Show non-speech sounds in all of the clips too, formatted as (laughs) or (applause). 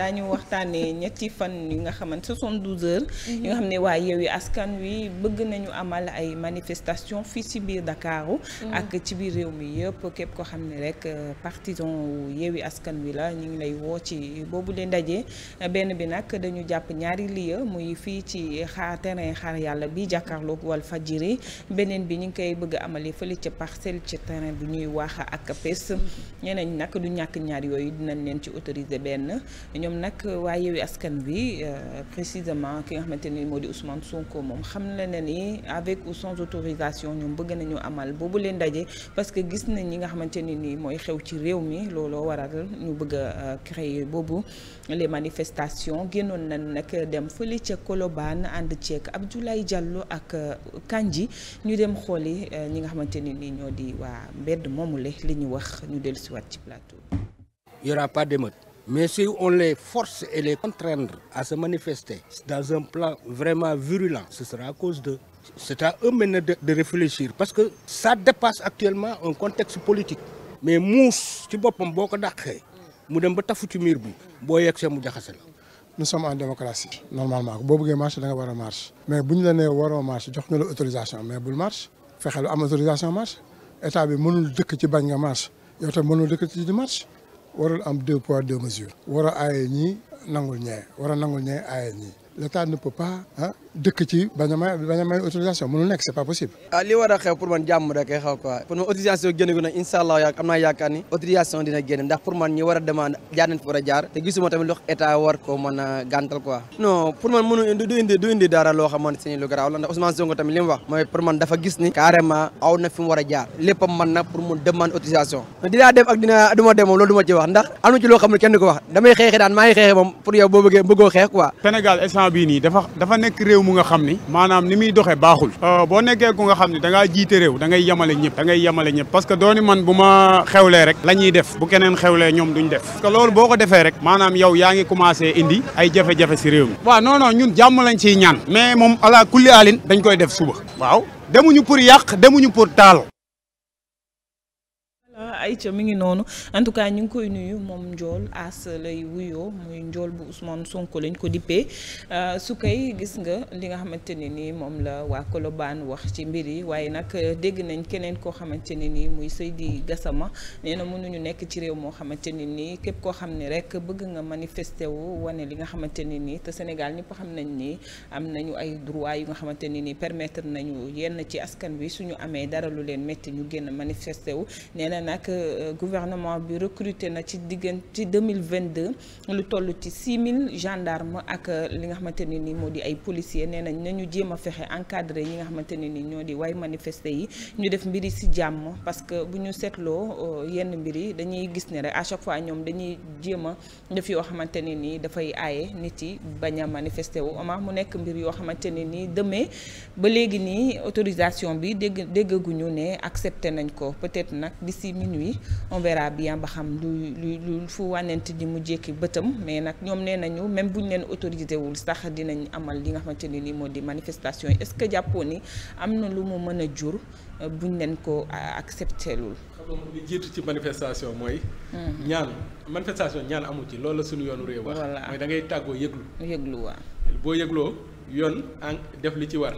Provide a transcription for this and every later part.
daañu waxtaanee ñetti fan yu nga xamante 72 heures. Mhm. yu nga xam ne waa Yewwi Askan Wi bëgg nañu amal ay manifestation fii ci biir Ndakaaru mhm. ak ci biir réew mi yëpp képp ko xam ne rek euh, partisan wu Yewwi Askan Wi la ñu ngi lay woo ci boobu leen ndaje benn bi nag dañu jàpp ñaari lieu muy fii ci xaar terrain xaar yàlla bi jàkkaarloog wal fajiri beneen bi ñu ngi koy bëgg amali fële ci parcelle ci terrain bu ñuy wax ak pes mhm. ñeneen nag du ñàkk ñaar yooyu dinañ leen ci autoriser benn ñoom nag waa Yewwi Askan Wi euh, précisément ki nga xamante ni moo di Ousmane Sonko moom xam na ni avec ou sans autorisation ñoom bëgg nañu amal boobu leen ndaje parce que gis nañ ñi nga xamante ne ni mooy xew ci réew mi looloo waral ñu bëgg a euh, créer boobu les manifestations génnoon na nag dem fële ca Colobane ànd ceeg Abdoulaye Diallo ak euh, Kandji ñu dem xooli ñi nga xamante ne ni ñoo di waa mbedd moomule li ñu wax ñu dellusiwaat ci plateau. Il y aura pas Mais si on les force et les contraindre à se manifester dans un plan vraiment virulent, ce sera à cause d'eux. C'est à eux maintenant de, réfléchir parce que ça dépasse actuellement un contexte politique. mais muus ci boppam boo ko dàqee mu dem ba tafu ci miir bi boo yegsee mu jaxase la. nous sommes en démocratie normalement boo bëggee marche da nga war a marche. mais bu ñu la nee waroo marche jox ñu la autorisation mais bul marche fexe lu am autorisation marche état bi mënul dëkk ci bañ marche yow dëkk ci di marche. warul am deux poids deux mesures war a aaye ñii nangul ñee war a nangul ñee aaye ñii l'État ne peut pas dëkk ci bañ a may nekk c'est pas possible. ah li war a man jàmm da koy xew quoi. man autorisation génn ni. autorisation dina man ñi war a jaar nañ fi war tamit lox état war ko man mënu du indi du man dafa gis ni. carrément aw na fi mu jaar. léppam man na pour mu demande autorisation. dinaa dem ak dina du dem moom loolu du ci wax ndax am ci loo xam ne kenn du ko wax damay xeexe daan maa ngi xeexe moom pour yow boo bëggee bëggoo xeex réew mu nga xam ni maanaam ni muy doxee baaxul euh, boo nekkee nga xam ni da ngaa jiite réew da ngay yemale ñëpp da ngay yemale ñëpp parce que dooni man bu ma xewlee rek la ñuy def bu keneen xewlee ñoom duñ def parce que loolu boo ko defee rek maanaam yow yaa ngi commencé indi ay jafe-jafe si réew mi waaw non ñun jàmm lañ ciy ñaan mais moom ala kulli alin dañ koy def suba waaw demuñu pour yàq demuñu pour taal ayca mi ngi noonu en tout cas ñu ngi koy nuyu moom Ndiol As lay wuyoo muy Ndiol bu Ousmane sonk lañ ko dippee euh, su koy gis nga li nga xamante ne nii moom la waa Colobane wax ci mbir yi waaye nag euh, dégg nañ keneen koo xamante ne nii muy Seydi Gassama nee na mënuñu nekk ci réew moo xamante ne nii képp koo xam ne rek bëgg nga manifester wu wane li nga xamante ne nii te Sénégal ñëpp xam nañ ni am nañu ay droit yu nga xamante ne nii permettre nañu yenn ci askan wi su ñu amee dara lu leen métti ñu génn manifester wu nee Euh, gouvernement bi recruté na ci diggante ci 2022 lu toll ci 6000 gendarmes ak euh, li nga xamante ne ni moo di ay policier nee nañ nañu jéem a fexe encadré ñi nga xamante ne ni ñoo di way manifester yi ñu def mbiri si jàmm parce que bu ñu seetloo euh, yenn mbir yi dañuy gis ne rek à chaque fois ñoom dañuy jéem a def yoo xamante ne ni dafay aaye nit yi bañ a manifester wu ama mu nekk mbir yoo xamante ne ni demee ba léegi nii autorisation bi dégg déggaguñu ne accepté nañ ko peut wi on bi bien ba xam lu lu lu fu wànnent di mu jékki bëtam mais nag ñoom nee nañu même buñ leen autorisé wul sax dinañ amal li nga xamante ne nii moo di manifestation yi est-ce que jàppoo ni am na lu mu mën a jur euh, buñ leen ko euh, accepté lul. li jiitu ci manifestation mooy. Hmm. ñaan manifestation ñaan amu ci lool la suñu yoonu réew. wax mooy da ngay tàggoo yëglu. yëglu waa boo yëgloo yoon en def li ci war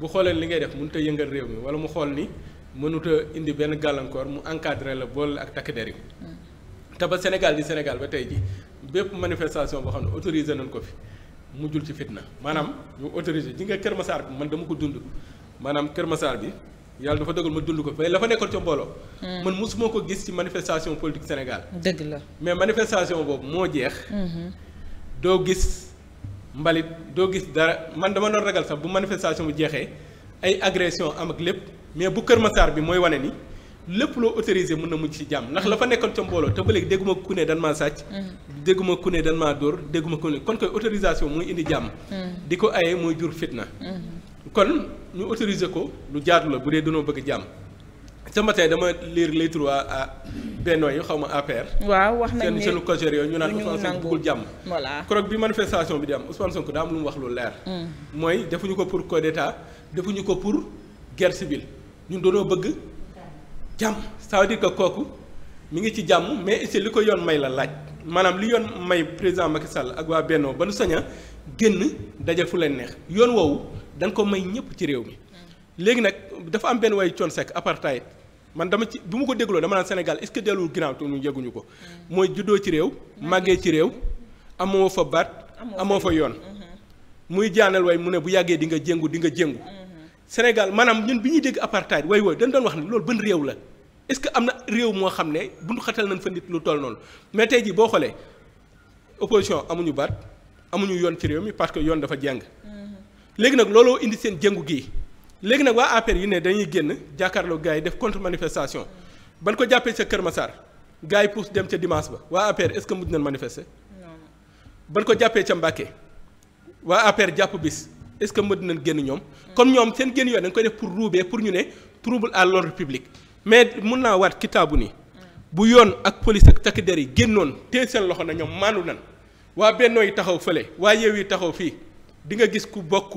bu xoolee li ngay def mënut a yëngal réew mi wala mu xool ni. mënut indi benn gàllankoor mu encadré la bool ak takk der yi te ba Sénégal di Sénégal ba tey ji bépp manifestation boo xam ne autorisé nañ ko fi mu jul ci fitna maanaam ñu autorisé ji nga Kër masaar bi man dama ko dund maanaam Kër Massar bi yàlla dafa dogal ma dund ko mais la fa nekkoon ca mbooloo. Hmm. man mosuma ko gis ci manifestation politique Sénégal. dëgg la mais manifestation boobu moo jeex. Hmm. doo gis mbalit doo gis dara man dama doon ragal sax bu manifestation bu jeexee ay agression am ak lépp. mais bu Kër Massar bi mooy wane ni lépp loo autorisé mun na mujj ci jàmm ndax la fa nekkoon ca mbooloo te ba léegi dégguma ku ne dan maa sàcc. Mm-hmm. dégguma ku ne dan maa dóor dégguma ku ne kon koy autorisation mooy indi jàmm. Mm-hmm. di ko aye mooy jur fitna. Mm-hmm. kon ñu autorisé ko lu jaadu la bu dee danoo bëgg jàmm. sama matin dama liir les trois à Benno yi xaw ma APR. waaw wax nañ ne seen seen yooyu ñu naan Ousmane Sonko bëggul jàmm. voilà keroog bi manifestation bi di am Ousmane Sonko daa am lu wax lu leer. Mm. mooy defuñu ko pour coup d'état defuñu ko pour guerre civile. ñun dañoo bëgg jàmm ça veut dire que kooku mi ngi ci jàmm mais c'est li ko yoon may la laaj maanaam li yoon may président Macky Sall ak waa Benno ba nu saña génn daje fu leen neex yoon woowu dañ ko may ñëpp ci réew mi léegi nag dafa am benn way coon sec apartheid man dama ci bu mu ko dégloo dama naan Sénégal est-ce que delluwul ginnaaw te ñu yegguñu ko mm. mooy juddoo ci réew màggee ci réew amoo fa baat amoo fa yoon mm-hmm. muy jaanal way mu ne bu yàggee di nga jéngu di nga jéngu mm. Sénégal maanaam ñun bi ñuy dégg apartheid way way dañ doon wax ni loolu bën réew la est-ce que am na réew moo xam ne buñ xatal nañ fa nit lu toll noonu mais tey jii boo xoolee opposition amuñu baat amuñu yoon ci réew mi parce que yoon dafa jàng mm-hmm. léegi nag looloo indi seen jëngu gi léegi nag waa APR yu ne dañuy génn jàkkaarloo gars yi def contre manifestation ban ko jàppee ca Kër Massar gars yi pousse dem ca dimanche ba waa APR est-ce que mujj nañ manifester. ban ko jàppee ca Mbacké waa APR jàpp bis. est-ce que mën nañ génn ñoom kon ñoom seen génn yooyu dañ koy def pour ruubee pour ñu ne trouble à l'ordre public mais mun naa waat kitaabu ni bu yoon ak police ak takk der yi génnoon tee seen loxo na ñoom maandu nan waa bennoo yi taxaw fële waa yeew yi taxaw fii di nga gis ku bokk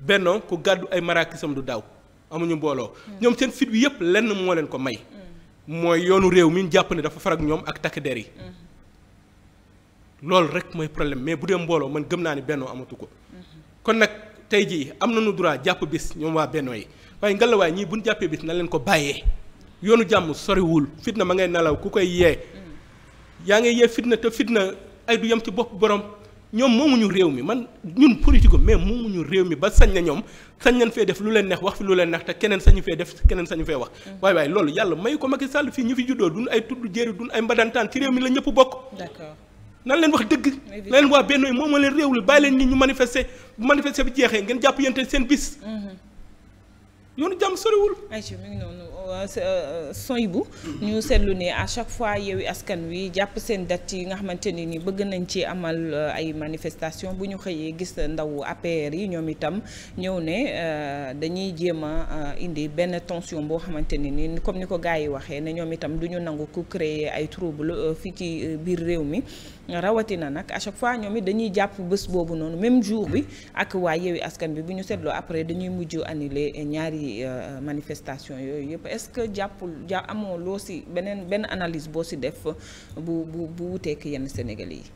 bennoo ku gàddu ay maraakisam du daaw amuñu mbooloo ñoom seen fit bi yépp lenn moo leen ko may mooy yoonu réew mi ñu jàpp ne dafa farag ñoom ak takk der yi loolu rek mooy problème mais bu dee mbooloo man gëm naa ni bennoo amatu ko kon nag tey jii am na nañu droit jàpp bis ñoom waa Benno yi waaye ngelawaay ñii bu ñu jàppee bis na leen ko bàyyee yoonu jàmm soriwul fitna ma ngay nelaw ku koy yee. yaa ngay yee fitna te fitna ay du yem ci bopp borom ñoom moomuñu réew mi man ñun politique mais ñu réew mi ba sañ na ñoom sañ nañ fee def lu leen neex wax fi lu leen neex te keneen sañu fee def keneen sañu fee wax. waaye mm. waaye loolu yàlla may ko Macky Sall fii ñu fi juddoo duñ ay tudd jéeri duñ ay mbadantaan ci réew mi la ñëpp bokk. nan leen wax dëgg na leen waa benn yi moom leen réew li bàyyi leen nit ñu manifester bu manifester bi jeexee ngeen jàpp yente seen bis mhm. yoonu jàmm soriwul Euh, euh, bu ñu seetlu ne à chaque fois Yewwi Askan Wi jàpp seen date yi nga xamante ni nii bëgg nañ ci amal euh, ay manifestation bu ñu xëyee gis ndaw APR yi ñoom itam ñëw ne dañuy jéem a indi benn tension boo xamante ne ni comme ni ko gars yi waxee ne ñoom itam du nangu ku créer ay trouble fii ci biir réew mi rawatina nag à chaque fois ñoom it dañuy jàpp bés boobu noonu même jour bi ak waa Yewwi Askan bi bu ñu seetloo après dañuy mujj annuler ñaari manifestation yooyu yëpp est-ce que jàppul ja amoo loo si beneen benn analyse boo si def bu bu bu wuteek yenn Sénégalais yi.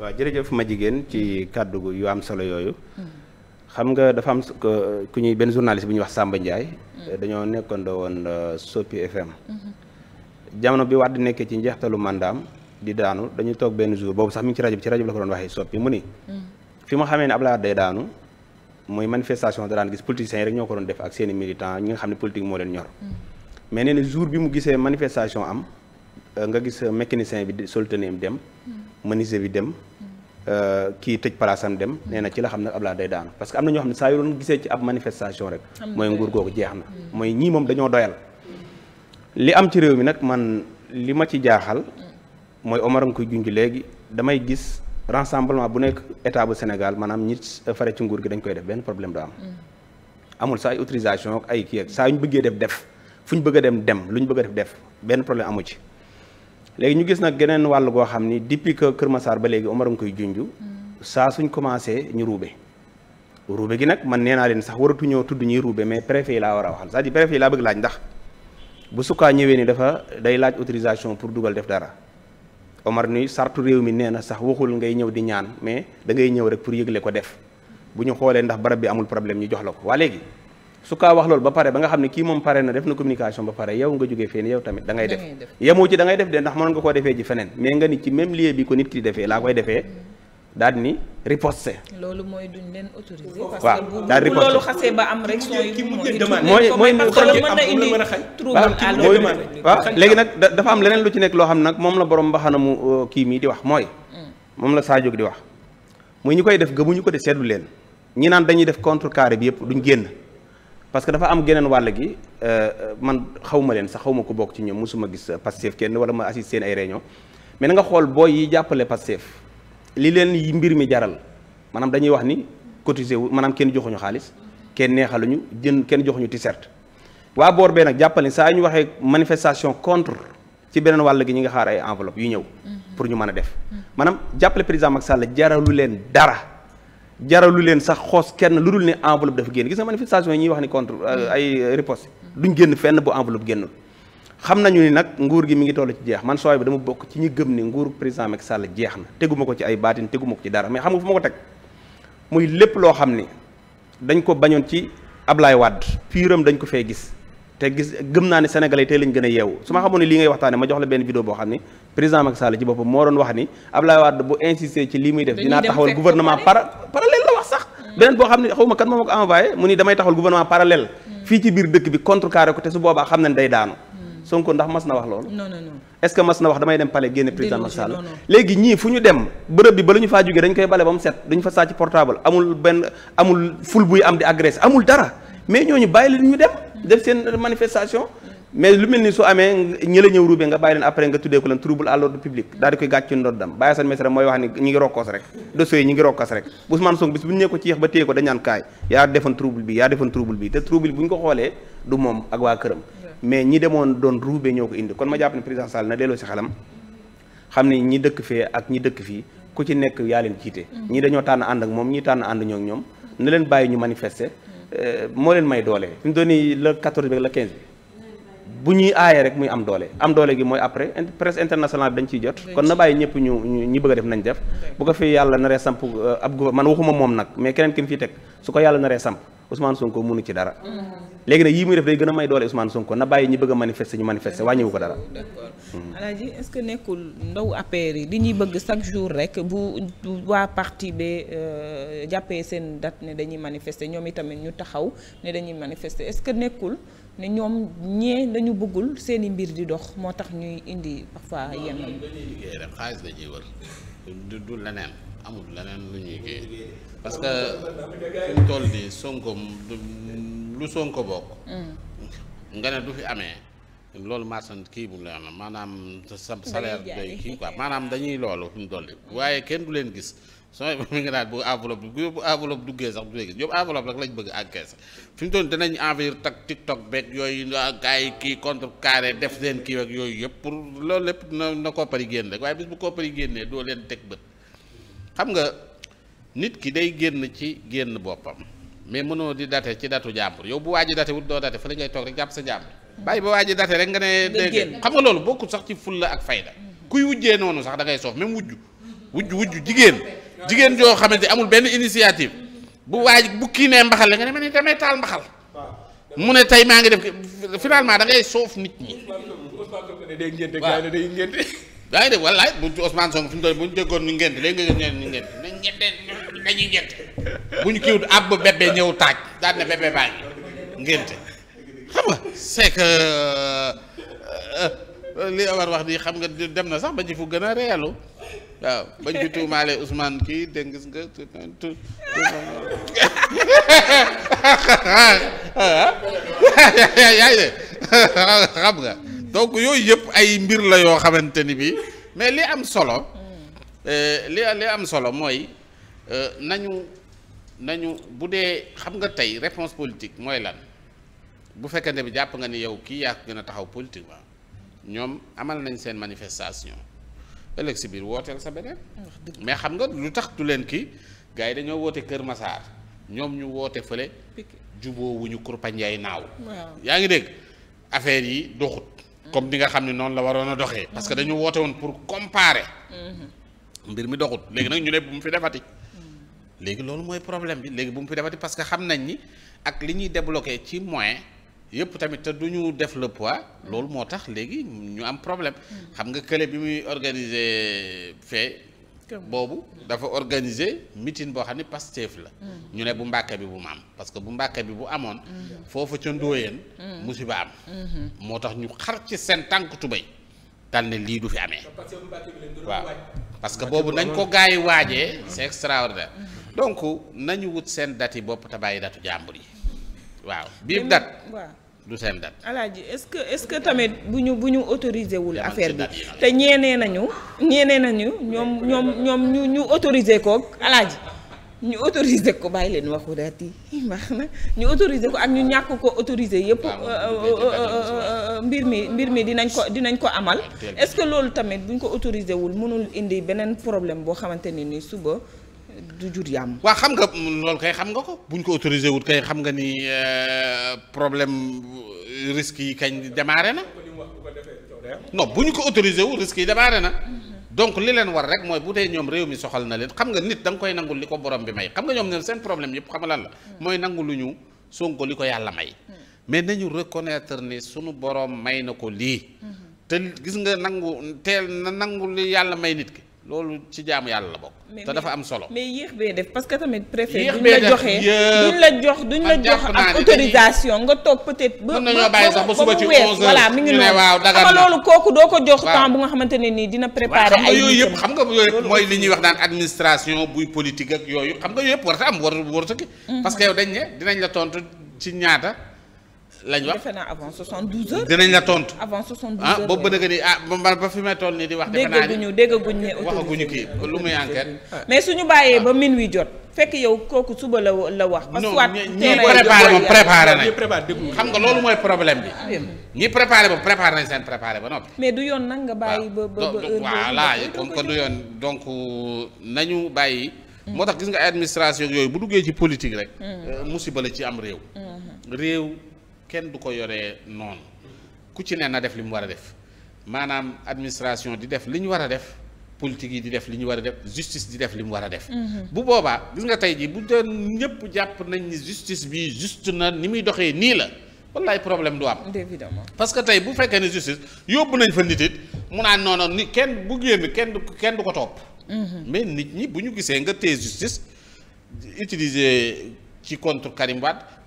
waaw jërëjëf ma jigéen ci kàddu yu am solo yooyu. Hmm. xam nga dafa am ku ñuy benn journaliste bu ñu wax Samba Ndiaye. Hmm. Eh, dañoo nekkandoo woon euh, Sopi FM. Hmm. jamono bi Wade nekkee ci njeextalu mandaam di daanu dañu toog benn jour boobu sax mi ngi ci rajo ci rajo la ko doon waxee Sopi mu ni. fi mu xamee ne Abdoulaye day daanu mooy manifestation da daan gis politiciens yi rek seen i ñi nga xam ne politique moo leen mais nee na jour bi mu gisee manifestation am euh, nga gis euh, mécanicien bi solteneem dem maniser hmm. bi dem hmm. euh, kii tëj palaasam dem hmm. nee na ci la xam ne Abdoulaye day daanu parce que am na ñoo xam ne saa yu doon gisee ci ab manifestation rek mooy nguur googu jeex na mooy ñii moom dañoo doyal li am ci réew mi nag man li ma ci jaaxal mooy Omar nga koy junj léegi damay gis rassemblement bu nekk état bu Sénégal maanaam ñi fare ci nguur gi dañ koy def benn problème du am amul saa ay ay kii ak saa yu ñu def fu ñu bëgg a dem dem lu ñu bëgg a def def benn problème amu ci léegi ñu gis nag geneen wàll goo xam ni depuis que Kër Massar ba léegi Omar a ngi koy junj mm. saa suñ commencé ñu ruube ruube gi nag man nee naa leen sax waratu waratuñoo tudd ñuy ruube mais préfet yi laa war a waxal c'est-à-dire préfet yi laa bëgg laaj ndax bu sukkaa ñëwee ni dafa day laaj autorisation pour dugal def dara Omar ni sartu réew mi nee na sax waxul ngay ñëw di ñaan mais da ngay ñëw rek pour yëgle ko def bu ñu xoolee ndax barab bi amul problème ñu jox la ko waa léegi su kaa wax loolu ba pare ba nga xam ne kii moom pare na def na communication ba pare yow nga jógee fenn yow tamit da ngay def yemoo ci da ngay def de ndax mën nga koo defee ko defee laa koy defee ni riposté. loolu mooy duñ leen autorisé. parce que bu bu loolu ba am rek. mooy mooy parce que mën na indi trouble à l'ordre public waaw léegi am leneen lu ci nekk loo xam nag moom la borom mbaxanamu euh, kii mii di wax mooy. Mm. moom la Sadio di wax muy ñu koy def gëmuñu ko de seetlu leen ñi naan dañuy def contre carré bi yëpp duñ génn parce que dafa am geneen wàll gi euh, euh, man xawma leen sax xawma ko bokk ci ñoom mosuma gis euh, Pastef kenn wala ma assiste seen ay réunion mais nga xool booy yi jàppale Pastef li leen mbir mi jaral maanaam dañuy wax ni cotisé wu maanaam kenn joxuñu xaalis kenn neexal neexaluñu jën kenn joxuñu t-shirt waa boor bee nag jàppale saa ñu waxee manifestation contre ci beneen wàll gi ñi nga xaar ay enveloppe yu ñëw mm-hmm. pour ñu mën a def mm-hmm. maanaam jàppale président Macky Sall jaralu leen dara jaralu leen sax xoos kenn lu dul ne enveloppe dafa génn gis nga manifestation yi ñuy wax ni contre euh, mm. ay euh, riposte duñ génn fenn bu enveloppe génnul xam nañu ni nag nguur gi mi ngi toll ci jeex man sooy bi dama bokk ci ñi gëm ni nguur président Macky Sall jeex na teguma ko ci ay baatin teguma ko ci dara mais xam nga fu ma ko teg muy lépp loo xam ni dañ ko bañoon ci Ablaye Wade piiram dañ ko fee gis te gis gëm naa ne sénégalais yi tey lañ gën a yeewu su ma xamoon ne lii ngay waxtaane ma jox la benn vidéo boo xam ne président Macky Sall ci boppam moo doon wax ni Abdoulaye Wade bu insisté ci lii muy def dinaa taxawal gouvernement para parallèle la wax sax mm. beneen boo xam ne xaw ma kan moom ko envoyé mu ni damay taxawal gouvernement parallèle mm. fii ci biir dëkk bi contrecarré ko te su boobaa xam nañ day daanu mm. Sonko ndax mas na wax loolu non non non est-ce que mas na wax damay dem palais génne président Macky Sall léegi ñii fu ñu dem bërëb bi ba lu ñu faa jógee ba mu set duñ fa sàcc portable amul benn amul ful buy am di agressé amul dara mais ñooñu bàyyi leen ñu dem def seen manifestation mais lu mel ni su amee ñi la ñëw ruubee nga bàyyi leen après nga tuddee ko leen trouble à l'ordre public daal di koy gàcc ci ndoddam Baye Assane Mesere mooy wax ni ñu ngi rokkoos rek dossiers yi ko ci ko dañaan kaay yaa defoon trouble bi yaa defoon trouble bi te trouble bu ñu moom ñi demoon doon ruubee ñoo ko indi kon ma jàpp ne président Sall na delloo si xelam xam ne ñi dëkk fee ak ñi dëkk fii ku ci nekk yaa leen jiite mm. ñii dañoo tànn ànd ak moom ñii tànn ànd ñoo ñoom na leen bàyyi ñu manifester Euh, moo leen may doole fi mu doon nii le 14 bi ak le 15 bi bu ñuy aayee rek muy am doole am doole gi mooy après presse internationale bi dañ ciy jot kon na bàyyi ñëpp ñu ñu bëgg a def nañ def bu ko fi yàlla naree samp euh, ab gouvernement man waxuma moom nag mais keneen ki mu fi teg su ko yàlla naree samp Ousmane Sonko mënu ci dara mm-hmm. léegi nag yii muy def day gën a may doole Ousmane Sonko na bàyyi ñi bëgg a manifester ñu manifester wàññiwu ko dara. d'accord Alaaji est que nekkul ndaw APR yi di ñuy bëgg chaque jour rek bu waa parti bi euh, jàppee seen date ne dañuy manifester ñoom tamit ñu taxaw ne dañuy manifester est-ce que nekkul ne ñoom ñee dañu bëggul seeni mbir di dox moo tax ñuy indi parfois yenn. non dañuy liggéey amul leneen parce que fi toll nii Sonko lu Sonko bokk. Mm. nga ne du fi amee. loolu marchand kii bu mu la maanaam sa salaire day kii quoi maanaam dañuy loolu fi mu dolli waaye kenn du leen gis soo mi nga daal bu enveloppe bu yóbbu enveloppe duggee sax du leen gis ñoom enveloppe rek lañ bëgg ak encaisse fi mu toll danañu envahir tak TikTok beeg yooyu gars yi kii contre carré def leen kii ak yooyu yëpp pour loolu lépp na na koppar yi génn rek waaye bis bu koppar yi génnee doo leen teg bët xam nga nit ki day génn ci génn boppam mais mënoo di date ci datu jàmbur yow bu waa ji date wut doo date fa la ngay toog rek jàpp sa jàmbur bàyyi ba waa ji date rek nga ne dégg xam nga loolu bokkul sax ci fulla ak fayda kuy wujjee noonu sax da ngay soof même wujju wujju wujju jigéen jigéen joo xamante amul benn initiative bu waaj ji bu kii nee mbaxal la nga ne ma ne damay taal mbaxal mu ne tey maa ngi def finalement da ngay soof nit ñi yaa ngi dégg wallaay bu Ousmane Sonko fi mu toll bu ñu déggoon ni ngent léegi nga ngeen ñu ngent nañ ngentee dañuy ngénte bu ñu kiiwut àbb bébé ñëw taaj daan na bébé ngénte xam nga c'est euh, euh, li Omar wax nii xam nga dem na sax ba ci gën a reelu waaw bañ fi tuumaalee Ousmane kii (laughs) donc yooyu yëpp ay mbir la yoo xamante ni bi mais li am solo euh, li li am solo mooy Euh, nañu nañu bu dee xam nga tey reponse politique mooy lan bu fekkente bi jàpp nga ni yow kii yaa ko gën a taxaw politiquement ñoom amal nañ seen manifestation ëllëg si biir wooteel sa beneen mais xam nga lu tax du leen kii gars yi dañoo woote Kër Massar ñoom ñu woote fële juboo wuñu kurpanjaay naaw yaa ngi dégg affaire yi doxut mm. comme di nga xam ne noonu la waroon a doxee parce que mm. dañu woote woon pour comparer mm-hmm. mbir mi doxut léegi nag ñu ne bu mu fi defati léegi loolu mooy problème bi léegi bu mu fi defati parce que xam nañ ni ak li ñuy débloqué ci moyen yëpp tamit te du ñu def le pois loolu moo tax léegi ñu am problème xam nga kële bi muy organiser fee boobu dafa organiser meeting boo xam ne Pastef la mm. ñu ne bu Mbàkke bi bu mu am parce que bu Mbàkke bi bu amoon mm. foofu ca ndóoyeen mm. musiba am mm-hmm. moo tax ñu xar ci seen tànk tubéy dal ne lii du fi amee waaw parce que boobu nañ ko gars yi waajee c'est extraordinaire mm-hmm. donc nañu wut seen date yi bopp te bàyyi datu jàmbur yi waaw biib dat du seen dat alaaji est-ce que est-ce que tamit bu ñu bu ñu autorisé wul affaire bi te ñeenee nañu ñeenee nañu ñoom ñoom ñoom ñu ñu autorisé koog alaaji ñu autorisé ko bàyyi leen waxu daat yi (laughs) baax na ñu autorisé ko ak ñu ñàkk ko autorisé yëpp euh, euh, euh, mbir mi mbir mi dinañ ko dinañ ko amal est-ce que loolu tamit bu ñu ko autorisé wul mënul indi beneen problème boo xamante ne ni suba du jur yàmm. waaw xam nga mm, loolu kay xam nga ko buñ ko autorisé wut kay xam nga ni euh, problème euh, risque yi kañ démarré na. non bu ñu ko autorisé wut risque yi démarré na. donc li leen war rek mooy bu dee ñoom réew mi soxal na leen xam nga nit danga koy nangul li ko borom bi may xam nga ñoom ne seen problème yëpp xam nga lan la. mooy nangu lu ñu Sonko li ko yàlla may. mais nañu reconnaître ni sunu borom may na ko lii. te gis nga nangu teel na nangu li yàlla may nit ki. loolu ci jaamu yàlla la bokk. te dafa am solo. mais yéex bee def parce que tamit préfet duñ la joxee duñ la jox duñ la jox ak autorisation nga toog peut-être. ba ba ba mu wees voilà mi ngi noonu xam loolu kooku doo ko jox temps bu nga xamante ne nii dina préparer. ay yooyu yëpp xam nga yooyu yëpp mooy li ñuy wax naan administration buy politique ak yooyu xam nga yooyu yëpp warata am war warata ki. Mm-hmm. parce que yow dañ ne dinañ la tontu ci ñaata. dinañ la tontu avant 72 ah, heures. ah boobu bëgg ni ah ba ba fi may toll nii di wax. defe naa déggaguñu déggaguñu ne waxaguñu kii lu muy enquête. Ah. mais suñu bàyyee ba minuit jot. fekk yow kooku suba la wax. parce que ñi préparé xam nga loolu mooy problème bi. Ah, ñi préparé ba préparé nañ seen préparé ba noppi. mais du yoon nag nga bàyyi. ba ba ba heure voilà comme que du yoon donc euh, nañu bàyyi. Mm. moo tax gis nga administration yooyu bu duggee ci politique rek. Mm. Euh, musiba la ci am réew. Mm-hmm. réew. kenn du ko yore noonu ku ci neen na def li mu war a def maanaam administration di def li ñu war a def politique yi di def li ñu war a def justice di def li mu war a def. Mhm. bu boobaa gis nga tey jii bu doon ñëpp jàpp nañ ni justice bi juste na ni muy doxee nii la wallaay problème du am. évidemment parce que tey bu fekkee ne justice yóbbu nañ fa nit it mu naan noonu ni kenn bu génn kenn du kenn du ko topp. Mhm. mais nit ñi bu ñu gisee nga téye justice utiliser ci contre Karim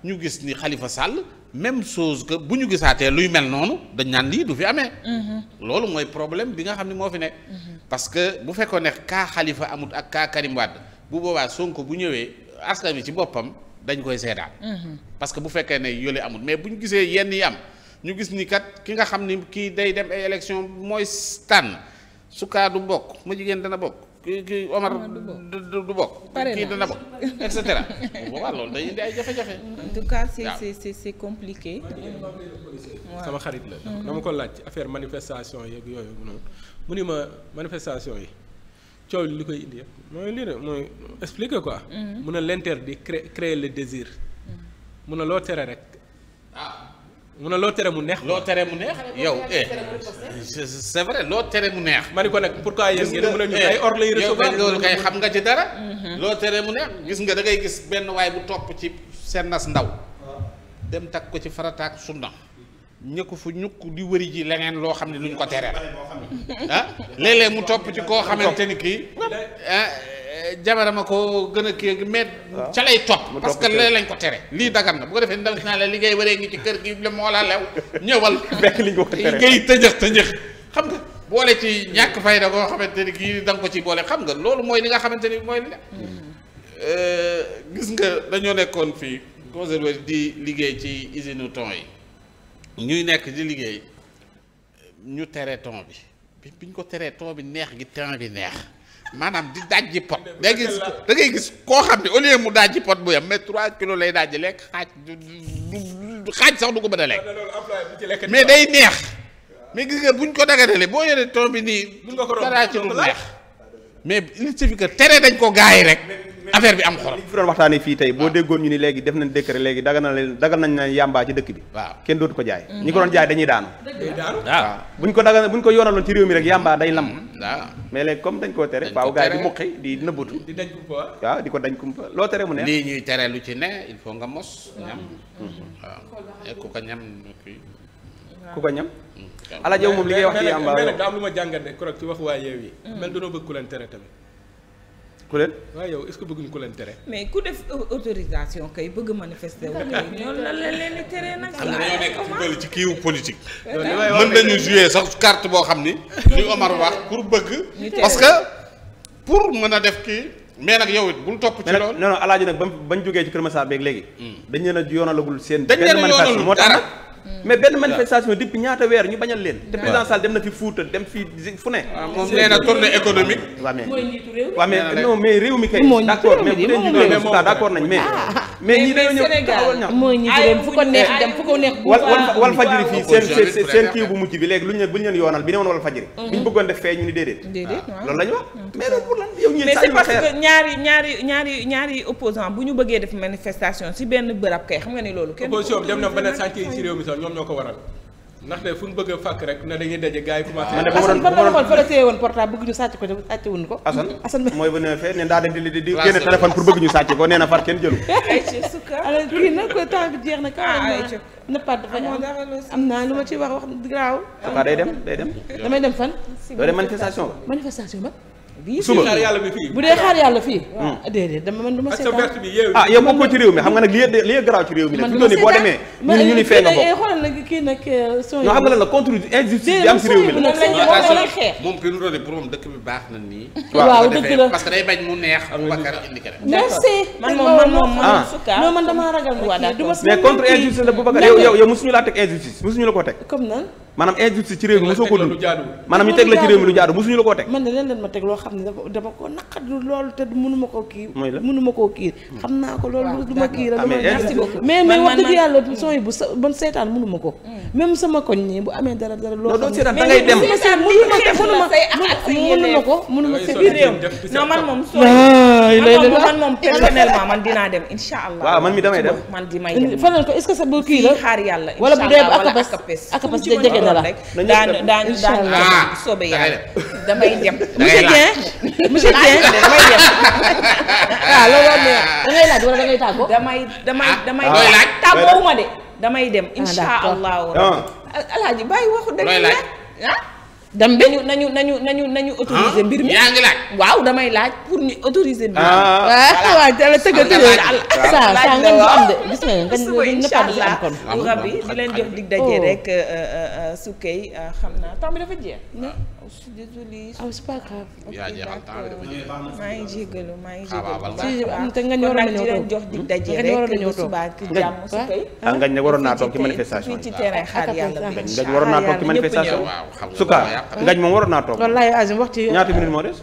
ñu gis ni Khalifa sàll même chose que bu ñu gisaatee luy mel noonu dañ naan lii du fi amee. Mhm. loolu mooy problème bi nga xam ne moo fi nekk. Mhm. parce que bu fekkoon ne kaa Khalifa amut ak kaa Karim Wade bu boobaa Sonko bu ñëwee askan wi ci boppam dañ koy seedaat. Mhm. parce que bu fekkee ne yole amut mais bu ñu gisee yenn yi am ñu gis ni kat ki nga xam ni kii day dem ay élection mooy tànn su kaa du bokk ma jigéen dana bokk. kii kii Omar du bokk kii dana bokk et cetera (laughs) bu boobaa loolu day indi ay jafe-jafe compliqué sama xarit la mm-hmm. dama ko laaj affaire manifestation yeeg yooyu noonu mu ni manifestation yi coow li koy indi yëpp mooy lii de mooy expliquer quoi mm-hmm. mun a l'interdit créer le désir mm-hmm. mun a loo tere rek mu ne loo tere mu neex. loo tere mu neex yow eh c'est vrai loo tere mu neex. ma ni ko nag pourquoi yéen ngeen mën a ñu or eh, lay recevoir loolu kay xam nga ci dara. Mm-hmm. loo tere mu neex gis nga da ngay gis benn waay bu topp ci seen nas ndaw. Ah. dem takk ko ci farataak sunna ñëkk fu ñukk di wëri ji leneen loo xam ne luñ ko tere la ah léeg mu topp ci koo xamante ni kii jabarama ko gën a kii met ah. ca lay topp parce que lee lañ ko tere lii dagan na bu ko defee ndaw si naa la li waree ngi ci kër gi la moo la lew ñëwal (laughs) fekk li ñu ko tere ngay tëjëx tëjëx xam nga boole ci ñàkk fayda koo xamante ni gii danga ko ci boole xam nga loolu mooy li nga xamante ni mooy la mm-hmm. gis nga dañoo nekkoon fii conservé di liggéey ci usine ton yi ñuy nekk di liggéey ñu tere ton bi bi ñu ko teree ton bi neex gi temps bi neex maanaam di dajji pot da ngay gis da ngay gis koo xam ne au lieu mu dajji pot bu yam mais 3 kilos lay ji lekk xaaj du xaaj sax du ko mën a lekk mais day neex mais gis nga buñ ko dagatalee boo yoree ton bi nii dara ci lu neex mais il suffit que tere dañ ko gaay rek affaire bi am xorom. li fi doon waxtaanee fii tey boo déggoon ñu ni léegi def nañ décret léegi dagal na leen dagal nañ leen yàmbaa ci dëkk bi. waaw kenn dootu ko jaay. Mm. ñi ko doon jaay dañuy daanu. waaw buñ ko dagal buñ ko yoonaloon ci réew mi rek yàmbaa day lam. Mm. mais léegi comme dañ koo tere. waaw gaay di muqi di nëbbatu. di dañ kumpa di ko dañ kumpa loo tere mu ne. lii ñuy tere lu ci ne il faut nga mos. ñam mm-hmm. waaw ku ko ñam ku ko ñam. Alaaji yow moom li ngay wax ci yamba mais nag am lu ma jàngat ne waa yeew yi mel mm. dañoo ku leen tere tamit ku leen yow est-ce que bëgguñ ku leen tere mais ku def autorisation kay bëgg manifester wu kay ñoom la leen di tere nag politique mën nañu jouer sax carte boo xam ni li Omar pour bëgg parce que pour mën a def kii mais nag yow it bul topp ci loolu non non alaaji nag ba bañ jógee ci Kër Massar beeg léegi mm. dañ leen a yoonalagul seen benn manifestation moo tax Mm. mais benn man manifestation depuis ñaata weer ñu bañal leen. te président Sall dem na fi Fuuta dem fi fu ne. Ah, moom nee na tournée économique. waaw mais non mais réew mi kay. d' accord mais bu dee ñu d' accord nañ mais. Ah. mais ñii dañoo ñëw taxawal ñax mooy ñi dem fu ko neex dem fu ko neex wal fajiri fii seen seen kii bu mujj bi léegi lu ñu bu ñu leen yoonal bi ne woon wal fajiri mhm. bi ñu bëggoon def fee ñu ni déedéet ah, loolu la ñu wax mhm. mais c'est parce que ñaari ñaari ñaari ñaari opposant bu ñu bëggee def manifestation si benn bërab kay xam nga ni loolu kenn opposition bi dem na benn chantier sax ñoom ñoo ko waral ndaxte fu ñu bëgg fàkk rek na dañuy daje gars yi commencé. man de bu ma doon bu ma doon fa la téye woon portable bëgg ñu sàcc ko dem sàcc wuñ ko. Assane Assane mooy bëgg ñu sàcc ko nee na far kenn jëlu. (laughs) ayca sukka alors temps jeex na. ayca ah, ah, ah. nëppaat dafay am am naa lu ma ci wax wax garaaw. waaw day dem day dem. damay dem fan. manifestation ba manifestation ba. bii bu dee xaar yàlla fii. waaw hmm. ah, déedéet dama man du ma seetaan yow. ah yow ci réew mi xam nga nag li li yëg ci réew mi nag. du ma seetaan man ñu ni fee nga doon eh, eh, eh, ne pour moom dëkk bi baax na nii. (laughs) waaw dëgg la parce que day bañ mu neex. Bakar indi keneen. merci. man moom man moom man ah. injustice la bu Bakar la ko teg comme nan maanaam injustice ci réew mi mosoo ko dund maanaam ñu teg la ci réew mi lu jaadu mosuñu la koo teg man de leen leen ma teg loo xam ne dafa ko naqatlu loolu te mënuma koo kii mënuma koo kii hmm. ko ma kii mais mais wax dëgg yàlla son man seetaan ko hmm. même sama koñ nii bu amee dara dara loo xam ne ngay dem mënuma ko mënuma sa réew non man moom man moom dem insha allah waaw man mi damay dem man di ko est-ce que kii la xaar yàlla wala bu dee akapes akapes da jege yoon rek. daan daan daan ah, sobe yàlla damay dem. (laughs) monsieur Dieng damay dem. waaw (laughs) ah, loolu am damay damay ah, damay. damay dem incha allahu rabbi alaaji bàyyi waxu dëgg la dem nañu nañu nañu nañu nañu autoriser ah, mbir mi yaa waaw damay laaj pour ñu autoriser. mbir mi ah, ah, waaw waaw jërëjëf tëgg tëgg. saa saa ngeen ko am de gis ma ngeen ngeen nëpp am am kon. am na am na am na am na am na am na am je suis désolée. ah c'est pas grave. yaa jeexal temps bi maa ngi jégalu maa ngi jégalu. te nga ñu waroon a ñëw toog jox dig daje su koy. ngañ ne waroon naa toog ci manifestation yi. waroon naa toog ci manifestation. su kaa ngañ moom waroon naa toog. wallaahi Azim waxtu yi ñaata moo des.